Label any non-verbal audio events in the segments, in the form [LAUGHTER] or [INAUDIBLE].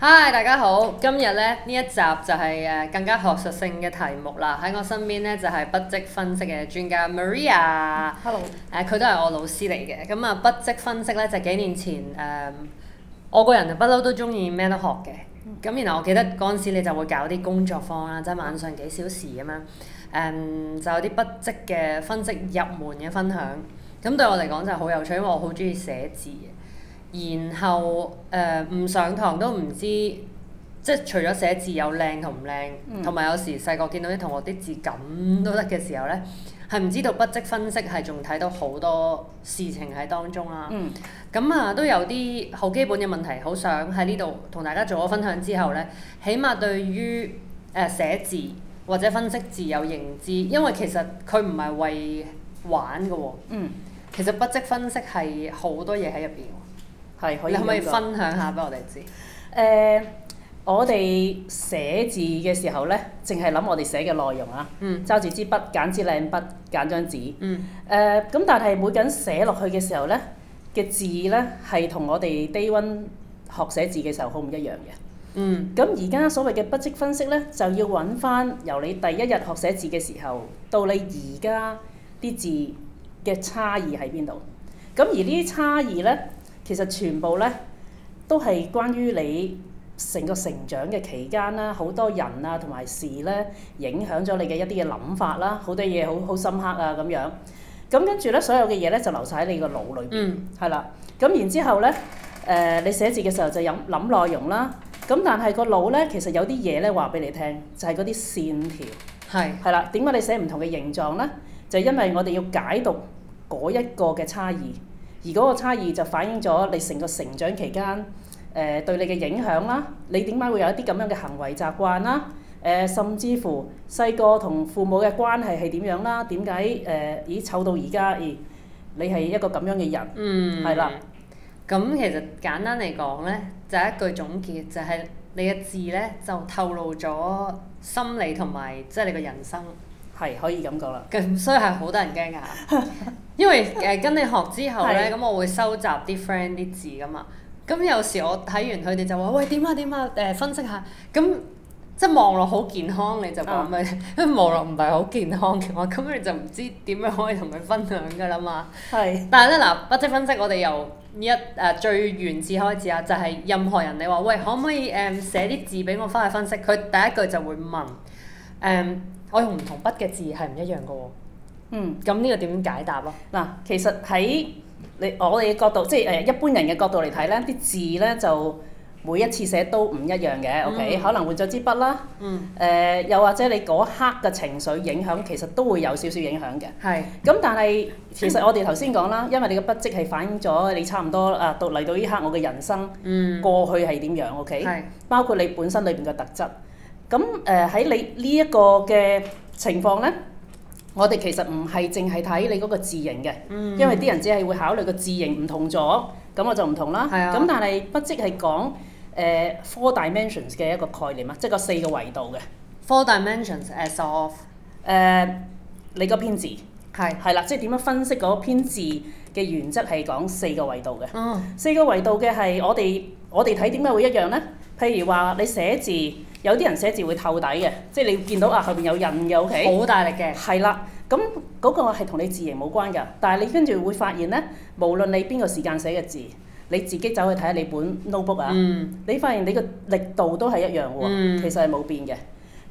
嗨，Hi，大家好！今日咧呢一集就係誒更加學術性嘅題目啦。喺我身邊咧就係筆跡分析嘅專家 Maria。Hello。誒，佢都係我老師嚟嘅。咁啊，筆跡分析咧就幾年前誒、嗯，我個人就不嬲都中意咩都學嘅。咁、mm hmm. 然後我記得嗰陣時你就會搞啲工作坊啦，即、就、係、是、晚上幾小時咁樣。誒、嗯，就有啲筆跡嘅分析入門嘅分享。咁對我嚟講就係好有趣，因為我好中意寫字嘅。.然後誒唔，呃、上堂都唔知，即係除咗寫字有靚同唔靚，同埋、嗯、有，有時細個見到啲同學啲字咁都得嘅時候呢，係唔知道筆跡分析係仲睇到好多事情喺當中啦，啊。咁、嗯嗯、啊都有啲好基本嘅問題，好想喺呢度同大家做咗分享之後呢，起碼對於誒寫字或者分析字有認知，因為其實佢唔係為玩嘅喎，哦。嗯，其實筆跡分析係好多嘢喺入邊。係可以、這個。可，可以分享下俾我哋知？誒，我哋寫字嘅時候咧，淨係諗我哋寫嘅內容啊，揸住支筆，揀支靚筆，揀張紙。嗯。誒、呃，咁但係每個人寫落去嘅時候咧嘅字咧，係同我哋低 a y o 學寫字嘅時候好唔一樣嘅。嗯。咁而家所謂嘅筆跡分析咧，就要揾翻由你第一日學寫字嘅時候到你而家啲字嘅差異喺邊度？咁而呢啲差異咧。嗯其實全部咧都係關於你成個成長嘅期間啦，好多人啊同埋事咧影響咗你嘅一啲嘅諗法啦，好多嘢好好深刻啊咁樣。咁跟住咧，所有嘅嘢咧就留晒喺你個腦裏邊，嗯、係啦。咁然之後咧，誒、呃、你寫字嘅時候就有諗內容啦。咁但係個腦咧其實有啲嘢咧話俾你聽，就係嗰啲線條係係啦。點解你寫唔同嘅形狀咧？嗯、就因為我哋要解讀嗰一個嘅差異。而嗰個差異就反映咗你成個成長期間，誒、呃、對你嘅影響啦。你點解會有一啲咁樣嘅行為習慣啦？誒、呃，甚至乎細個同父母嘅關係係點樣啦？點解誒，咦，湊到而家，咦、呃，你係一個咁樣嘅人，係、嗯、係啦。咁其實簡單嚟講呢，就係、一句總結，就係、係、你嘅字呢，就透露咗心理同埋即係你嘅人生。係可以咁講啦，咁所以係好多人驚㗎。 [LAUGHS] 因為誒、呃、跟你學之後咧，咁是我會收集啲 friend 啲字噶嘛。咁有時我睇完佢哋就話：喂點啊點啊誒、呃、分析下。咁即係望落好健康你就講咩？啊、因為望落唔係好健康嘅話，咁你就唔知點樣可以同佢分享㗎啦嘛。係是。但係咧嗱，筆跡分析我哋由一誒、啊、最原始開始啊，就係任何人你話喂可唔可以誒、嗯、寫啲字俾我翻去分析？佢第一句就會問誒。嗯嗯我用唔同筆嘅字係唔一樣嘅喎、哦。嗯，咁呢個點解答咯？嗱、啊，其實喺你我哋嘅角度，即係誒、呃、一般人嘅角度嚟睇咧，啲字咧就每一次寫都唔一樣嘅，OK？、嗯、可能換咗支筆啦。嗯。誒、呃，又或者你嗰刻嘅情緒影響，其實都會有少少影響嘅。係是。咁、嗯、但係其實我哋頭先講啦，因為你嘅筆跡係反映咗你差唔多啊、呃、到嚟到呢刻我嘅人生，嗯、過去係點樣？OK？係是。包括你本身裏邊嘅特質。咁誒喺你呢一個嘅情況咧，我哋其實唔係淨係睇你嗰個字形嘅。嗯、因為啲人只係會考慮個字形唔同咗，咁我就唔同啦。咁、啊、但係不即係講誒 four dimensions 嘅一個概念啊，即係個四個維度嘅。Four dimensions as of 誒、呃、你個篇字係係啦，即係點樣分析嗰篇字嘅原則係講四個維度嘅。嗯、四個維度嘅係我哋我哋睇點解會一樣咧？譬如話你寫字，有啲人寫字會透底嘅，即係你見到啊後邊有印嘅 OK，好大力嘅，係啦，咁嗰個係同你字形冇關㗎，但係你跟住會發現咧，無論你邊個時間寫嘅字，你自己走去睇下你本 notebook 啊，嗯、你發現你個力度都係一樣喎，嗯、其實係冇變嘅。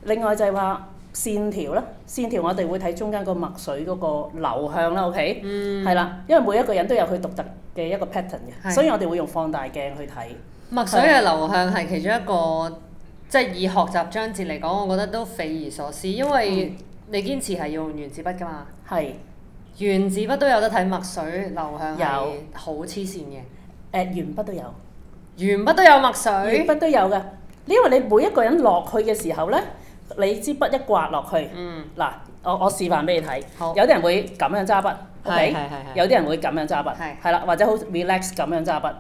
另外就係話線條啦，線條我哋會睇中間個墨水嗰個流向啦，OK，係啦，因為每一個人都有佢獨特嘅一個 pattern 嘅，嗯、所以我哋會用放大鏡去睇。墨水嘅流向係其中一個，即係以學習章節嚟講，我覺得都匪夷所思，因為你堅持係用原子筆㗎嘛。係，原子筆都有得睇墨水流向有好黐線嘅。誒，鉛筆都有，鉛筆都有墨水。鉛筆都有嘅。因為你每一個人落去嘅時候咧，你支筆一刮落去。嗯。嗱，我我示範俾你睇。好。有啲人會咁樣揸筆，係係係。有啲人會咁樣揸筆，係。係啦，或者好 relax 咁樣揸筆。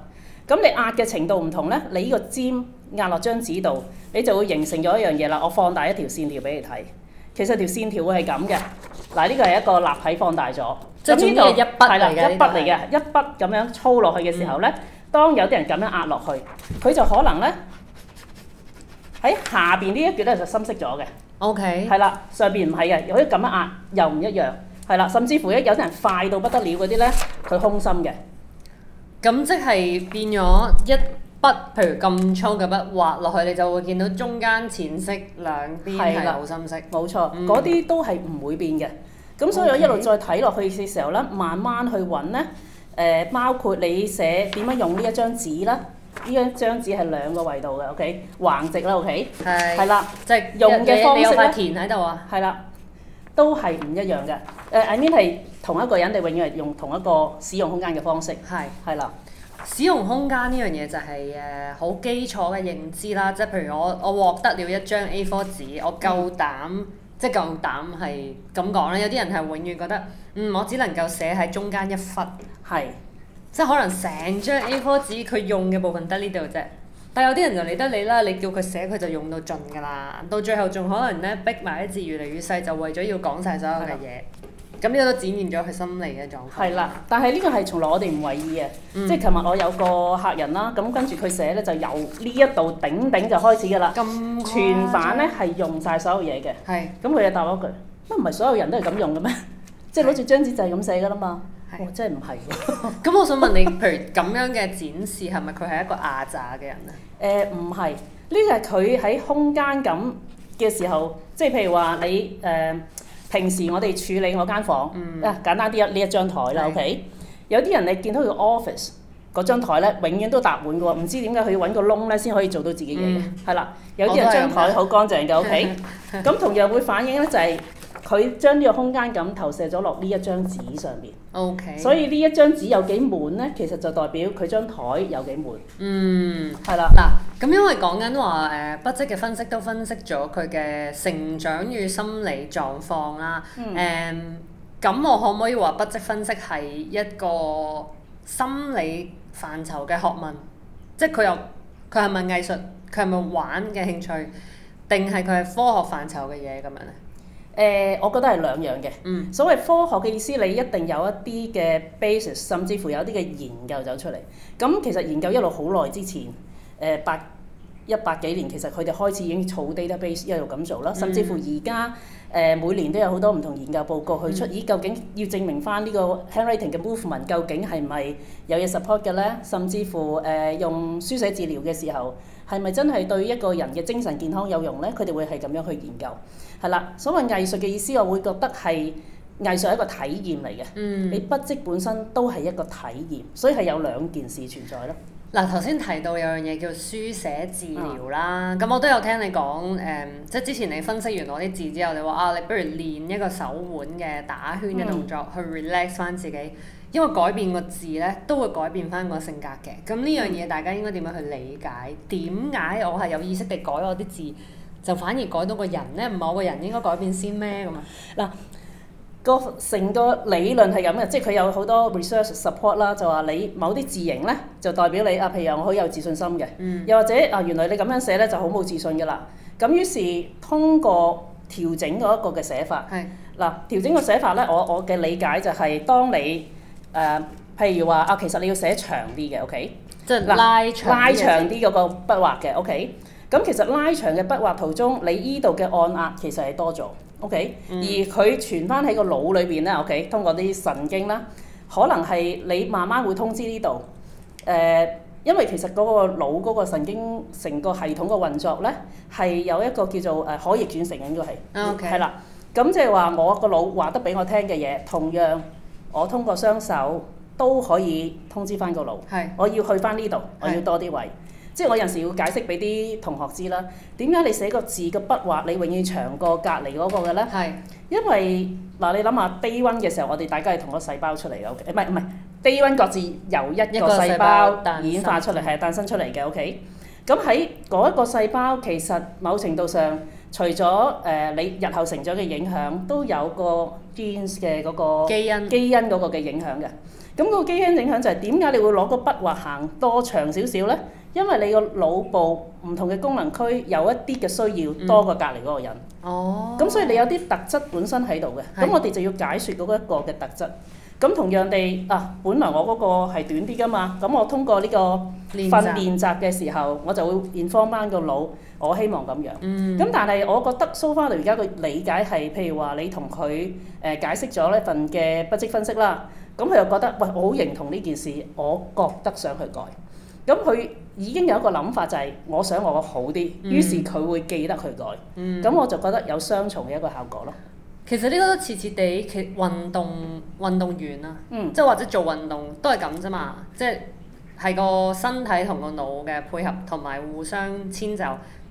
咁你壓嘅程度唔同呢，你呢個尖壓落張紙度，你就會形成咗一樣嘢啦。我放大一條線條俾你睇，其實條線條會係咁嘅。嗱，呢個係一個立體放大咗，咁呢度係一筆嚟嘅，了個一筆嚟嘅，的一筆咁樣粗落去嘅時候呢，嗯、當有啲人咁樣壓落去，佢就可能呢，喺下邊呢一橛咧就深色咗嘅。O K。係啦，上邊唔係嘅，可以咁樣壓又唔一樣。係啦，甚至乎一有啲人快到不得了嗰啲呢，佢空心嘅。咁即係變咗一筆，譬如咁粗嘅筆畫落去，你就會見到中間淺色，兩邊係深色。冇錯，嗰啲、嗯、都係唔會變嘅。咁所以我一路再睇落去嘅時候咧，Okay. 慢慢去揾咧。誒、呃，包括你寫點樣用呢一張紙啦。呢一張紙係兩個維度嘅，OK 橫直啦，OK 係啦，即係用嘅方式填喺度啊？係啦。都係唔一樣嘅。誒、呃、I mean 係同一個人，你永遠係用同一個使用空間嘅方式。係係啦。的使用空間呢樣嘢就係誒、好基礎嘅認知啦。即係譬如我我獲得了一張 A4 紙，我夠膽、嗯、即係夠膽係咁講啦。有啲人係永遠覺得嗯，我只能夠寫喺中間一忽。係是。即係可能成張 A4 紙佢用嘅部分得呢度啫。但有啲人就理得你啦，你叫佢寫，佢就用到盡噶啦，到最後仲可能咧逼埋一字越嚟越細，就為咗要講晒所有嘅嘢。咁呢的個都展現咗佢心理嘅狀態。係啦，但係呢個係從來我哋唔遺意為意嘅，嗯、即係琴日我有個客人啦，咁跟住佢寫咧就由呢一度頂頂就開始噶啦，全版咧係用晒所有嘢嘅。係的。咁佢就答我一句：乜唔係所有人都係咁用嘅咩？的 [LAUGHS] 即係攞住張紙就係咁寫噶啦嘛？我、哦、真係唔係嘅。咁我想問你，譬如咁樣嘅展示係咪佢係一個亞渣嘅人咧？誒唔係，呢個係佢喺空間咁嘅時候，即係譬如話你誒、呃、平時我哋處理我間房，嗯、啊簡單啲一呢一張台啦，OK。有啲人你見到佢個 office 嗰張台咧，永遠都搭滿嘅喎，唔知點解佢要揾個窿咧先可以做到自己嘢。係啦、嗯，有啲人張台好乾淨嘅，OK。咁 [LAUGHS] 同樣會反映咧就係、是。佢將呢個空間咁投射咗落呢一張紙上面，Okay. 所以呢一張紙有幾滿呢？其實就代表佢張台有幾滿。嗯，係啦了。嗱，咁因為講緊話誒筆跡嘅分析都分析咗佢嘅成長與心理狀況啦、啊。嗯。咁、嗯、我可唔可以話筆跡分析係一個心理範疇嘅學問？即係佢又佢係咪藝術？佢係咪玩嘅興趣？定係佢係科學範疇嘅嘢咁樣呢？誒、呃，我覺得係兩樣嘅。嗯、所謂科學嘅意思，你一定有一啲嘅 basis，甚至乎有一啲嘅研究走出嚟。咁其實研究一路好耐之前，誒、呃、八一百幾年，其實佢哋開始已經儲 database 一路咁做啦。甚至乎而家誒每年都有好多唔同研究報告去出。嗯、咦，究竟要證明返呢個 handwriting 嘅 movement 究竟係咪有嘢 support 嘅咧？甚至乎誒、呃、用書寫治療嘅時候。係咪真係對一個人嘅精神健康有用呢？佢哋會係咁樣去研究，係啦。所謂藝術嘅意思，我會覺得係藝術一個體驗嚟嘅。你、嗯、筆跡本身都係一個體驗，所以係有兩件事存在咯。嗱、嗯，頭、啊、先提到有樣嘢叫書寫治療啦，咁、嗯、我都有聽你講誒、嗯，即係之前你分析完我啲字之後，你話啊，你不如練一個手腕嘅打圈嘅動作、嗯、去 relax 翻自己。因為改變個字咧，都會改變翻個性格嘅。咁呢樣嘢大家應該點樣去理解？點解我係有意識地改我啲字，就反而改到個人咧？唔係我個人應該改變先咩？咁啊嗱，個成個理論係咁嘅，嗯、即係佢有好多 research support 啦，就話你某啲字形咧，就代表你啊，譬如我好有自信心嘅，嗯、又或者啊，原來你咁樣寫咧就好冇自信噶啦。咁於是通過調整嗰一個嘅寫法，係嗱調整個寫法咧，我我嘅理解就係當你。誒、呃，譬如話啊，其實你要寫長啲嘅，OK，即係拉拉長啲嗰個筆畫嘅，OK。咁其實拉長嘅筆畫途中，你依度嘅按壓其實係多咗，OK、嗯。而佢傳翻喺個腦裏邊咧，OK。通過啲神經啦，可能係你慢慢會通知呢度。誒、呃，因為其實嗰個腦嗰個神經成個系統嘅運作咧，係有一個叫做誒、呃、可逆轉成，應該係，OK。係啦、嗯，咁即係話我個腦話得俾我聽嘅嘢，同樣。我通過雙手都可以通知翻個腦，是我要去翻呢度，我要多啲位，是即係我有時要解釋俾啲同學知啦。點解你寫個字嘅筆畫你永遠長過隔離嗰個嘅呢？係是因為嗱、呃，你諗下低溫嘅時候，我哋大家係同個細胞出嚟嘅，OK。唔係唔係低溫各自由一個細胞演化出嚟，係誕生出嚟嘅。OK。咁喺嗰一個細胞，其實某程度上。除咗誒你日後成長嘅影響，都有個 genes 嘅嗰個基因基因嗰個嘅影響嘅。咁嗰個基因影響就係點解你會攞個筆畫行多長少少咧？因為你個腦部唔同嘅功能區有一啲嘅需要多過隔離嗰個人。哦。咁所以你有啲特質本身喺度嘅，咁我哋就要解説嗰一個嘅特質。咁同樣地，嗱、啊，本來我嗰個係短啲噶嘛，咁我通過呢個訓練習嘅時候，習我就會 inform 返個腦。我希望咁樣。嗯。咁但係我覺得，so far 嚟而家嘅理解係，譬如話你同佢誒解釋咗呢份嘅筆跡分析啦，咁佢又覺得，喂，我好認同呢件事，我覺得想去改。咁佢已經有一個諗法就係、是，我想我好啲，嗯、於是佢會記得去改。嗯。咁我就覺得有雙重嘅一個效果咯。其實呢個都似似地，其運動運動員啊，即係、嗯、或者做運動都係咁啫嘛，即係係個身體同個腦嘅配合，同埋互相遷就。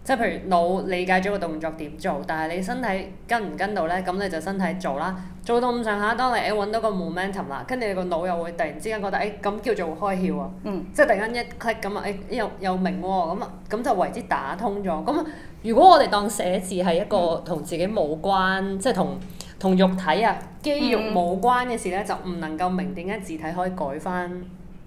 即係譬如腦理解咗個動作點做，但係你身體跟唔跟到咧？咁你就身體做啦。做到咁上下，當你誒揾到個 momentum 啦，跟住你個腦又會突然之間覺得誒，咁、欸、叫做開竅啊！嗯、即係突然間一 click 咁、欸、啊，誒又又明喎、哦，咁啊咁就為之打通咗。咁如果我哋當寫字係一個同自己冇關，嗯、即係同同肉體啊肌肉冇關嘅事咧，嗯、就唔能夠明點解字體可以改翻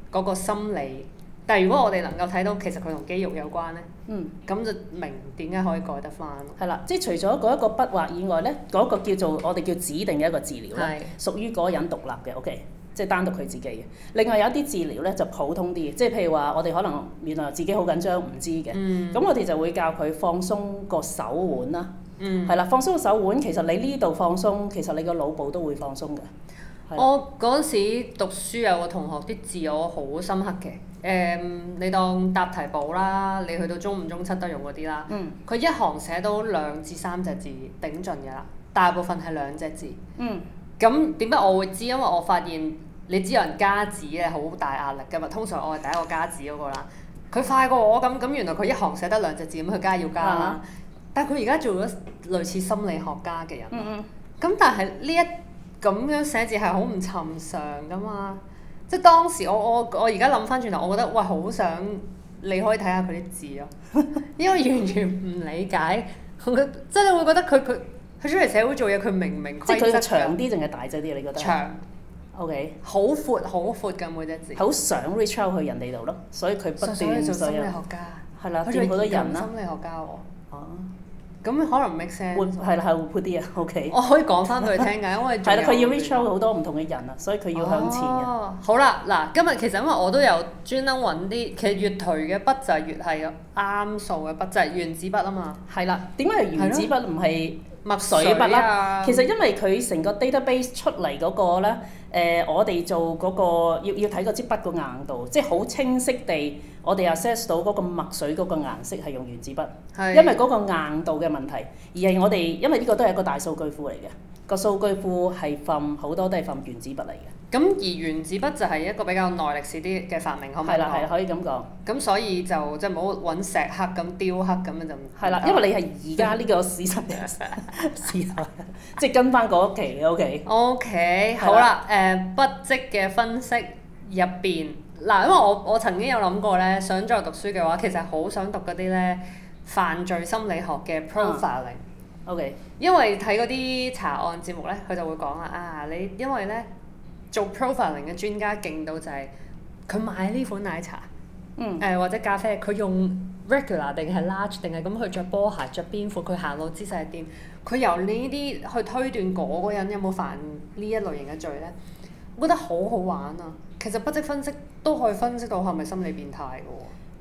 嗰個心理。但係如果我哋能夠睇到，其實佢同肌肉有關咧，咁、嗯、就明點解可以改得返。係啦，即係除咗嗰一個筆畫以外咧，嗰、嗰個叫做我哋叫指定嘅一個治療啦，屬於嗰個人獨立嘅，OK，即係單獨佢自己嘅。另外有一啲治療咧就普通啲嘅，即係譬如話我哋可能原來自己好緊張唔知嘅，咁、嗯、我哋就會教佢放鬆個手腕啦，係啦、嗯，放鬆個手腕，其實你呢度放鬆，其實你個腦部都會放鬆嘅。我嗰陣時讀書有個同學啲字我好深刻嘅，誒、嗯，你當答題簿啦，你去到中五中七都用嗰啲啦。佢、嗯、一行寫到兩至三隻字，頂盡嘅啦，大部分係兩隻字。嗯。咁點解我會知？因為我發現你知有人加字咧，好大壓力嘅嘛。通常我係第一個加字嗰個啦。佢快過我咁，咁原來佢一行寫得兩隻字，咁佢梗係要加啦。嗯、但係佢而家做咗類似心理學家嘅人。嗯嗯。咁但係呢一？咁樣寫字係好唔尋常㗎嘛？即係當時我我我而家諗返轉頭，我覺得喂好想你可以睇下佢啲字咯， [LAUGHS] 因為完全唔理解佢，即係 [LAUGHS] 會覺得佢佢佢出嚟社會做嘢，佢明唔明規則嘅？即係佢長啲定係大隻啲啊？你覺得？長，OK，好闊好闊㗎每隻字，好想 reach out 去人哋度咯，所以佢不斷咁樣。想 [LAUGHS] 做心理學家。係啦，見好多人啦。人心理學家喎。嗯咁可能 mixing 係啦，係活潑啲啊，OK。我可以講翻佢聽㗎，因為。係啦， [LAUGHS] 佢要 reach out 好多唔同嘅人啊，所以佢要向前。哦，好啦，嗱，今日其實因為我都有專登揾啲，其實越馳嘅筆就係越係嘅啱數嘅筆，就係、是、原子筆啊嘛。係啦。點解原子筆唔係墨水筆咧？啊、其實因為佢成個 database 出嚟嗰、那個咧，誒、呃，我哋做嗰、那個要要睇個支筆個硬度，即係好清晰地。我哋又 assess 到嗰個墨水嗰個顏色係用原子筆，是因為嗰個硬度嘅問題，而係我哋因為呢個都係一個大數據庫嚟嘅，個數據庫係放好多都係放原子筆嚟嘅。咁而原子筆就係一個比較耐歷史啲嘅發明， [NOISE] 的可唔可以？係啦，係可以咁講。咁所以就即係唔好揾石刻咁雕刻咁樣就。係啦，因為你係而家呢個史實嘅 [LAUGHS] 史實，即係跟翻嗰期屋企 O K，好啦，誒、呃、筆跡嘅分析入邊。嗱，因為我我曾經有諗過咧，想再讀書嘅話，其實好想讀嗰啲咧犯罪心理學嘅 profiling。Uh, O.K. 因為睇嗰啲查案節目咧，佢就會講啦啊，啊，你因為咧做 profiling 嘅專家勁到就係、是、佢買呢款奶茶，嗯、mm. 呃，或者咖啡，佢用 regular 定係 large 定係咁去着波鞋着邊款，佢行路姿勢係點，佢由呢啲去推斷嗰個人有冇犯呢一類型嘅罪咧？我覺得好好玩啊！其實筆跡分析。都可以分析到係咪心理變態嘅喎、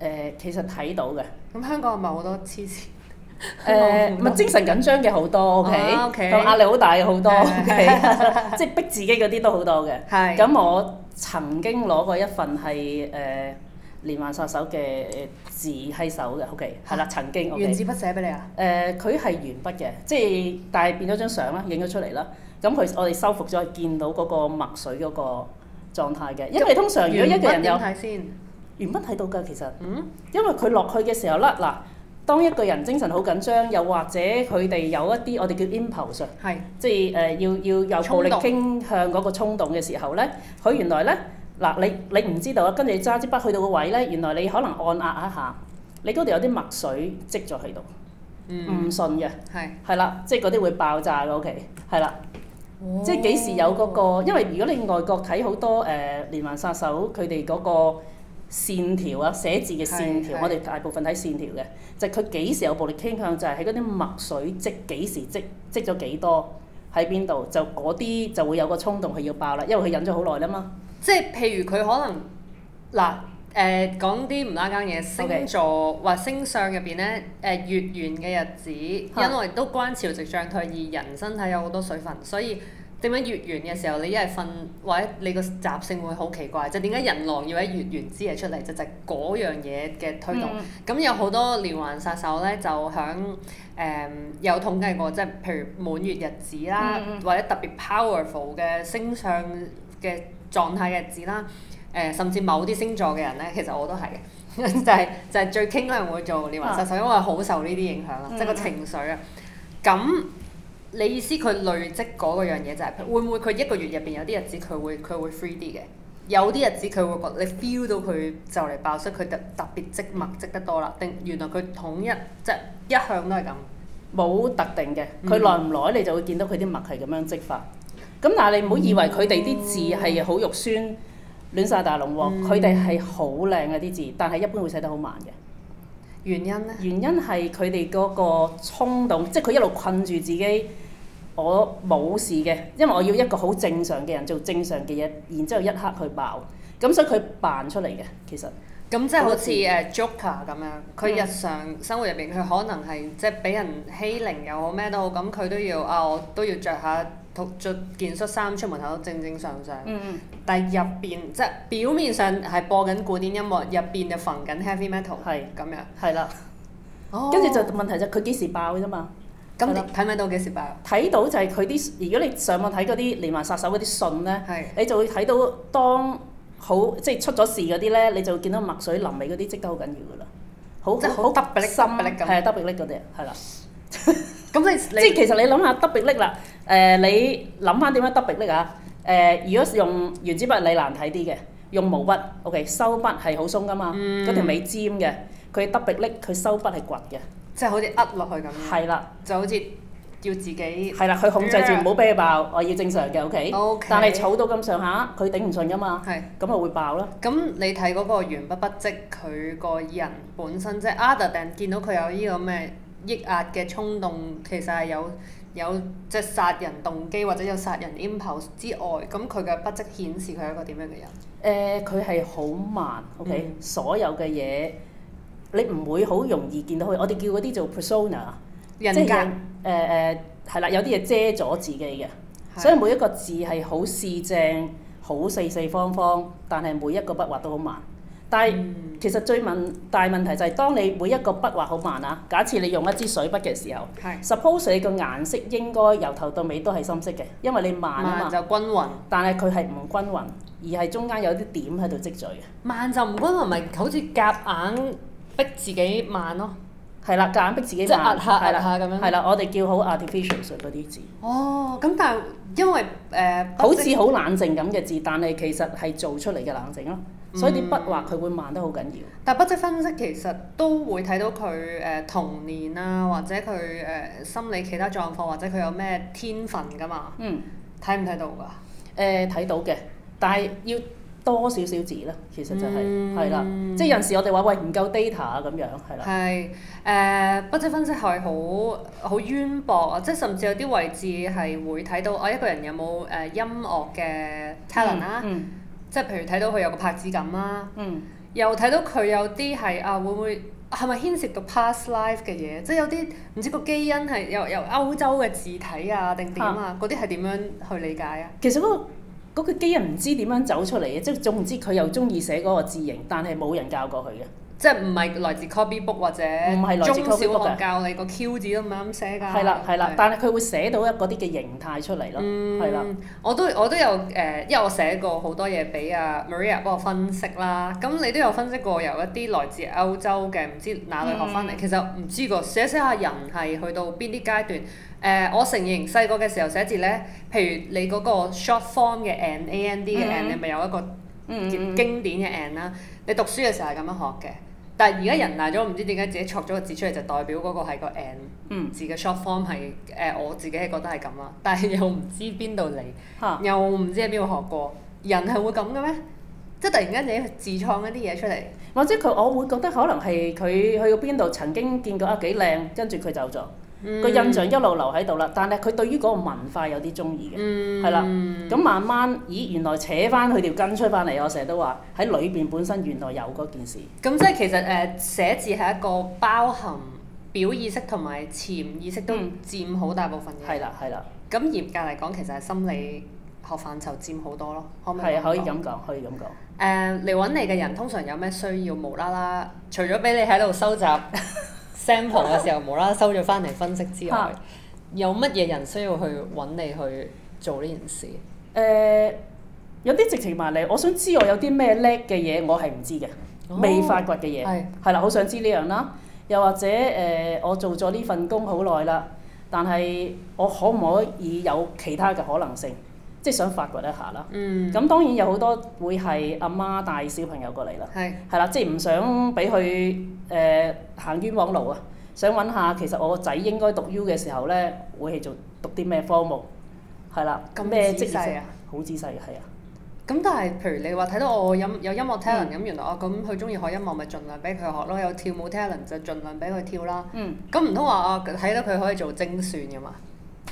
呃？其實睇到嘅。咁、嗯、香港係咪好多黐線？誒，唔係精神緊張嘅好多，O K。咁、okay? 啊 okay? 壓力好大嘅好多即係逼自己嗰啲都好多嘅。係是。咁我曾經攞過一份係誒、呃、連環殺手嘅字喺手嘅，O K。係、okay? 啦、啊，曾經。Okay? 原子筆寫俾你啊？誒、呃，佢係原筆嘅，即係但係變咗張相啦，影咗出嚟啦。咁佢我哋修復咗，見到嗰個墨水嗰、那個。狀態嘅，因為通常如果一個人有，原本睇到㗎，其實，嗯，因為佢落去嘅時候咧，嗱，當一個人精神好緊張，又或者佢哋有一啲我哋叫 impulse 係是，即係誒、呃、要要有暴力傾向嗰個衝動嘅時候咧，佢原來咧，嗱你你唔知道啊，跟住揸支筆去到個位咧，原來你可能按壓一下，你嗰度有啲墨水積咗喺度，唔、嗯、信嘅，係是，係啦，即係嗰啲會爆炸嘅，OK，係啦。嗯、即係幾時有嗰、那個？因為如果你外國睇好多誒、呃、連環殺手，佢哋嗰個線條啊、寫字嘅線條，我哋大部分睇線條嘅，就係佢、是、幾時有暴力傾向，就係喺嗰啲墨水積幾時積，積咗幾多喺邊度，就嗰啲就會有個衝動佢要爆啦，因為佢忍咗好耐啦嘛。即係譬如佢可能嗱。誒、uh, 講啲唔拉更嘢，Okay. 星座或星相入邊咧，誒、呃、月圓嘅日子，Huh? 因為都關潮汐漲退而人身體有好多水分，所以點解月圓嘅時候你一係瞓或者你個習性會好奇怪？就點、是、解人狼要喺月圓之夜出嚟？就就是、嗰樣嘢嘅推動。咁、mm. 有好多連環殺手咧，就響誒、呃、有統計過，即係譬如滿月日子啦，mm. 或者特別 powerful 嘅星相嘅狀態日子啦。誒、呃，甚至某啲星座嘅人咧，其實我都係嘅、 [LAUGHS] 就是，就係就係最傾嗰個會做連環殺手，啊、實因為好受呢啲影響啦，嗯、即係個情緒啊。咁你意思佢累積嗰個樣嘢就係、是、會唔會佢一個月入邊有啲日子佢會佢會 free 啲嘅，有啲日子佢會覺你 feel 到佢就嚟爆出佢特特別積墨積得多啦。定原來佢統一即係一向都係咁，冇特定嘅，佢耐唔耐你就會見到佢啲墨係咁樣積法。咁嗱、嗯，你唔好以為佢哋啲字係好肉酸。嗯亂晒大龍喎，佢哋係好靚啊啲字，但係一般會寫得好慢嘅。原因呢？原因係佢哋嗰個衝動，即係佢一路困住自己，我冇事嘅，因為我要一個好正常嘅人做正常嘅嘢，然之後一刻去爆，咁所以佢扮出嚟嘅其實。咁即係好似誒、uh, Joker 咁樣，佢日常生活入邊佢可能係即係俾人欺凌又好咩都好，咁佢都要啊，我都要着下。着件恤衫出門口正正常常，但係入邊即係表面上係播緊古典音樂，入邊就放緊 heavy metal。係咁樣。係啦。哦。跟住就問題就佢幾時爆啫嘛？咁你睇唔睇到幾時爆？睇到就係佢啲，如果你上網睇嗰啲連環殺手嗰啲信咧，你就會睇到當好即係出咗事嗰啲咧，你就會見到墨水淋尾嗰啲跡都好緊要噶啦。即好特別拎。深。係啊，特別嗰啲啊，係啦。咁你即係其實你諗下特別拎啦。誒，uh, 嗯、你諗翻點樣得 o u b 啊？誒、uh，如果用原子筆，你難睇啲嘅；用毛筆，OK，收筆係好鬆噶嘛，嗰、嗯、條尾尖嘅，佢得 o u 佢收筆係捲嘅，即係好似握落去咁。係啦的，就好似叫自己係啦，佢控制住唔好俾佢爆，我要正常嘅 o k 但係草到咁上下，佢頂唔順噶嘛，係是，咁咪會爆啦。咁你睇嗰個圓筆筆跡，佢個人本身即係 Arden 見到佢有呢個咩抑壓嘅衝動，其實係有。有即係殺人動機或者有殺人 Impulse 之外，咁佢嘅筆跡顯示佢係一個點樣嘅人？誒、呃，佢係好慢，OK、嗯。所有嘅嘢，你唔會好容易見到佢。我哋叫嗰啲做 persona，人格誒誒，係、呃呃、啦，有啲嘢遮咗自己嘅。是所以每一個字係好四正，好四四方方，但係每一個筆畫都好慢。但係其實最問大問題就係、係、當你每一個筆畫好慢啊！假設你用一支水筆嘅時候係，suppose 你個顏色應該由頭到尾都係深色嘅，因為你慢啊嘛。慢就均勻，但係佢係唔均勻，而係中間有啲點喺度積聚嘅。慢就唔均勻咪好似夾硬逼自己慢咯？係啦，夾硬逼自己慢係啦，我哋叫好 artificial 水嗰啲字。哦，咁但係因為誒、呃、好似好冷靜咁嘅字，但係其實係做出嚟嘅冷靜咯。所以啲筆畫佢會慢得好緊要、嗯。但筆跡分析其實都會睇到佢誒、呃、童年啊，或者佢誒、呃、心理其他狀況，或者佢有咩天分噶嘛？嗯，睇唔睇到㗎？誒睇、呃、到嘅，但係要多少少字啦。其實就係、是、係、嗯、啦。即有陣時我哋話喂，唔夠 data 啊咁樣，係啦。係誒，筆、呃、跡分析係好好淵博啊！即甚至有啲位置係會睇到，我、哦、一個人有冇誒、呃、音樂嘅 talent 啦。嗯嗯即係譬如睇到佢有個拍子感啦、啊，嗯、又睇到佢有啲係啊，會唔會係咪牽涉到 past life 嘅嘢？即係有啲唔知個基因係由由歐洲嘅字體啊定點啊，嗰啲係點樣去理解啊？其實嗰、嗰個嗰個基因唔知點樣走出嚟嘅，即係總唔知佢又中意寫嗰個字形，但係冇人教過佢嘅。即係唔係來自 copybook 或者中小學，小學教你個 Q 字都唔啱寫㗎。係啦係啦，但係佢會寫到一嗰啲嘅形態出嚟咯。係啦、嗯，我都我都有誒、呃，因為我寫過好多嘢俾阿 Maria 幫我分析啦。咁你都有分析過由一啲來自歐洲嘅唔知哪類學翻嚟。嗯、其實唔知喎，寫寫下人係去到邊啲階段？誒、呃，我承認細個嘅時候寫字咧，譬如你嗰個 short form 嘅 n a n d 嘅 n，你咪有一個經典嘅 n 啦。嗯嗯嗯嗯、你讀書嘅時候係咁樣學嘅。但而家人大咗，唔知點解自己創咗個字出嚟就代表嗰個係個 N 字嘅 short form 係，誒、呃，我自己覺得係咁啦，但係又唔知邊度嚟，又唔知喺邊度學過，人係會咁嘅咩？即係突然間自己自創一啲嘢出嚟，或者佢我會覺得可能係佢去到邊度曾經見過啊，幾靚，跟住佢走咗。個印象一路留喺度啦，但係佢對於嗰個文化有啲中意嘅，係啦。咁慢慢，咦，原來扯翻佢條根，出翻嚟，我成日都話喺裏邊本身原來有嗰件事。咁即係其實誒，寫字係一個包含表意識同埋潛意識都佔好大部分嘅。係啦，係啦。咁嚴格嚟講，其實係心理學範疇佔好多咯。可唔可以咁講？係啊，可以咁講，可以咁講。誒，嚟揾你嘅人通常有咩需要？無啦啦，除咗俾你喺度收集 sample 嘅時候冇啦，收咗翻嚟分析之後，oh. Ha. 有乜嘢人需要去揾你去做呢件事？誒，uh, 有啲直情埋嚟，我想知我有啲咩叻嘅嘢，我係唔知嘅，未發掘嘅嘢，係啦 Yes.，好想知呢樣啦。又或者誒，uh, 我做咗呢份工好耐啦，但係我可唔可以有其他嘅可能性？即係想發掘一下啦，咁、嗯、當然有好多會係阿媽帶小朋友過嚟啦，係啦是，即係唔想俾佢誒行冤枉路啊，想揾下其實我個仔應該讀 U 嘅時候咧，會係做讀啲咩科目，係啦、嗯，咁咩姿勢啊？好仔細係啊。咁但係譬如你話睇到我有有音樂 talent，咁原來哦，咁佢中意學音樂咪盡量俾佢學咯，有跳舞 talent 就盡量俾佢跳啦。咁唔通話我睇到佢可以做精算嘅嘛？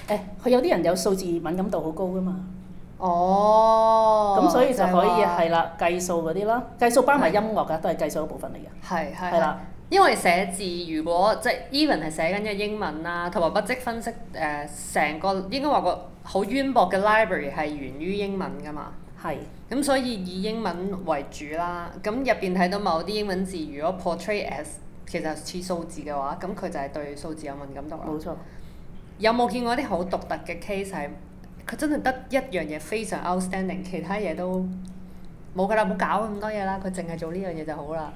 誒、嗯，佢、嗯、有啲人有數字敏感度好高㗎嘛？哦，咁、oh, 所以就可以係啦吧，計數嗰啲啦，計數包埋音樂噶，都係計數一部分嚟嘅。係係啦，的的因為寫字如果即係 even 係寫緊嘅英文啦，同埋筆跡分析誒，成、呃、個應該話個好淵博嘅 library 係源於英文㗎嘛。係的。咁所以以英文為主啦，咁入邊睇到某啲英文字，如果 portray as 其實似數字嘅話，咁佢就係對數字有敏感度啦。冇錯。有冇見過一啲好獨特嘅 case 係？佢真係得一樣嘢非常 outstanding，其他嘢都冇㗎啦，冇搞咁多嘢啦，佢淨係做呢樣嘢就好啦。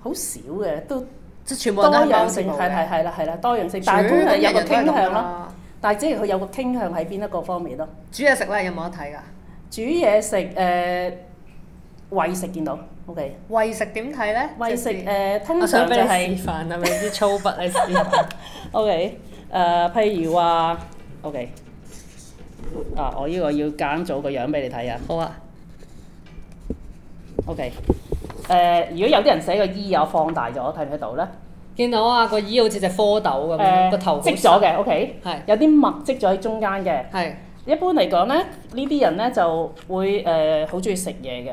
好少嘅，都即係全部都係多樣性，係係係啦係啦，多樣性，但係有個傾向咯。人人但係即係佢有個傾向喺邊一個方面咯。煮嘢食咧有冇得睇㗎？煮嘢食誒、呃，餵食見到，OK。餵食點睇咧？餵食誒，通常就係飯啊，咪啲粗筆嚟 OK，誒、uh,，譬如話，OK。啊！我呢個要揀組個樣俾你睇啊。好啊。OK。誒、呃，如果有啲人寫個 E，我放大咗，睇唔睇到咧？見到啊，個 E 好似隻蝌蚪咁樣，個、呃、頭積咗嘅。OK 是。係。有啲墨積咗喺中間嘅。係是。一般嚟講咧，呢啲人咧就會誒好中意食嘢嘅，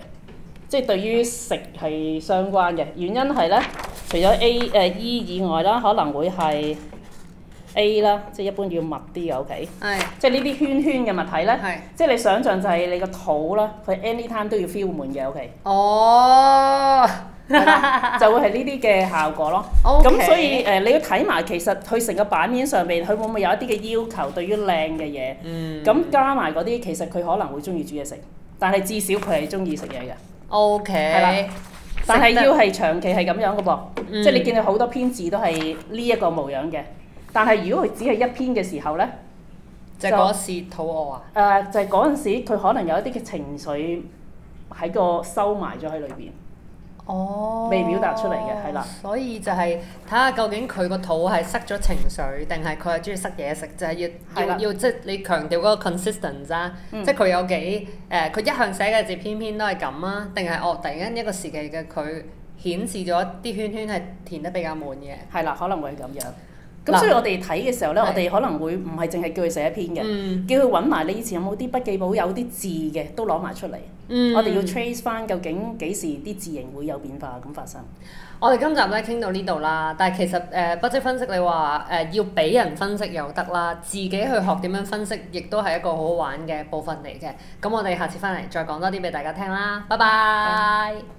即係對於食係相關嘅原因係咧，除咗 A 誒、呃、E 以外啦，可能會係。A 啦，即係一般要密啲嘅 O K，係即係呢啲圈圈嘅物體咧，係是即係你想象就係你個肚啦，佢 anytime 都要 feel 滿嘅 O K，哦，吧 [LAUGHS] 就會係呢啲嘅效果咯。咁 Okay 所以誒、呃、你要睇埋其實佢成個版面上面佢會唔會有一啲嘅要求對於靚嘅嘢，咁、嗯、加埋嗰啲其實佢可能會中意煮嘢食，但係至少佢係中意食嘢嘅。O K，係啦，但係要係長期係咁樣嘅噃，嗯、即係你見到好多篇字都係呢一個模樣嘅。嗯但係，如果佢只係一篇嘅時候呢，即是 就嗰時肚餓啊？誒、呃，就係嗰陣時，佢可能有一啲嘅情緒喺個收埋咗喺裏邊，哦、未表達出嚟嘅係啦。所以就係睇下究竟佢個肚係塞咗情緒，定係佢係中意塞嘢食？就係、是、要了要即係、就是、你強調嗰個 consistent 啊、嗯，即係佢有幾誒佢、呃、一向寫嘅字，偏偏都係咁啊？定係哦？突然間一個時期嘅佢顯示咗啲圈圈係填得比較滿嘅。係啦，可能會咁樣。咁所以我哋睇嘅時候咧，是的 我哋可能會唔係淨係叫佢寫一篇嘅，嗯、叫佢揾埋你以前有冇啲筆記簿有啲字嘅，都攞埋出嚟。嗯、我哋要 trace 翻究竟幾時啲字形會有變化咁發生。嗯、我哋今集咧傾到呢度啦，但係其實誒筆跡分析你話誒、呃、要俾人分析又得啦，自己去學點樣分析，亦都係一個好好玩嘅部分嚟嘅。咁我哋下次翻嚟再講多啲俾大家聽啦。拜拜。